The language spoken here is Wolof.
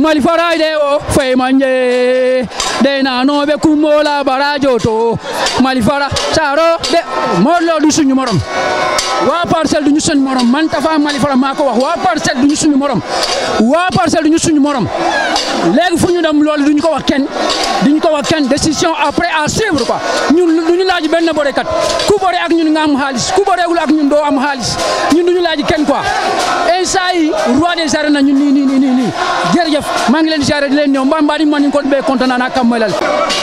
mali faray de o oh, fay deynanoɓe kummola barajo to mali fara saro de morlo du suñu morom wa parcelle duñu suñu morom man tafa mali fara maa ko wax wa parcelle duñu suñu morom wa parcelle duñu suñu morom léegi fu ñu dem loolu duñu ko wax kenn duñu ko wax kenn décision après à suivre quoi ñun duñu laaj benn borekat ku bore ku boreegul ak ñun doo am xaalis ñun duñu laaj kenn quoi instant yi roi des arènes ñun nii nii nii nii jërëjëf maa ngi leen di siyaare ملل